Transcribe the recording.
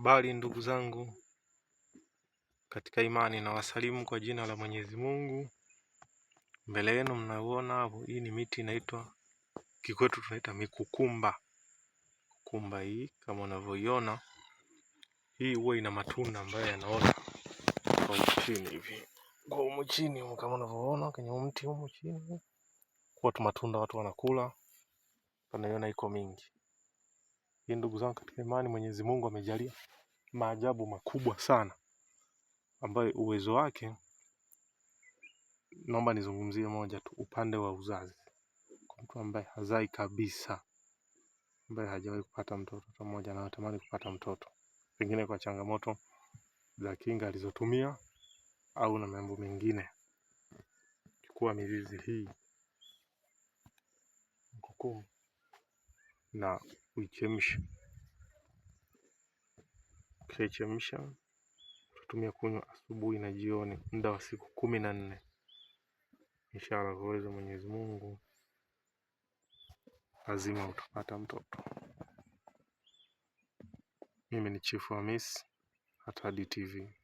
Bali ndugu zangu katika imani, na wasalimu kwa jina la Mwenyezi Mungu. Mbele yenu mnauona hapo, hii ni miti inaitwa kikwetu tunaita mikukumba. Kumba hii kama unavyoiona, hii huwa ina matunda ambayo yanaota kwa chini hivi, kwa humu chini kama unavyoona kwenye mti humu chini, kwa tu matunda watu wanakula, panaiona iko mingi. Hii ndugu zangu katika imani, Mwenyezi Mungu amejalia maajabu makubwa sana ambayo uwezo wake, naomba nizungumzie moja tu, upande wa uzazi, kwa mtu ambaye hazai kabisa, ambaye hajawahi kupata mtoto pamoja na anatamani kupata mtoto, pengine kwa changamoto za kinga alizotumia au na mambo mengine, chukua mizizi hii mkukumu na kuichemsha. Ukishaichemsha utatumia kunywa asubuhi na jioni, muda wa siku kumi na nne. Inshallah kwa uwezo wa Mwenyezi Mungu lazima utapata mtoto. Mimi ni Chifu Hamisi, Hatad TV.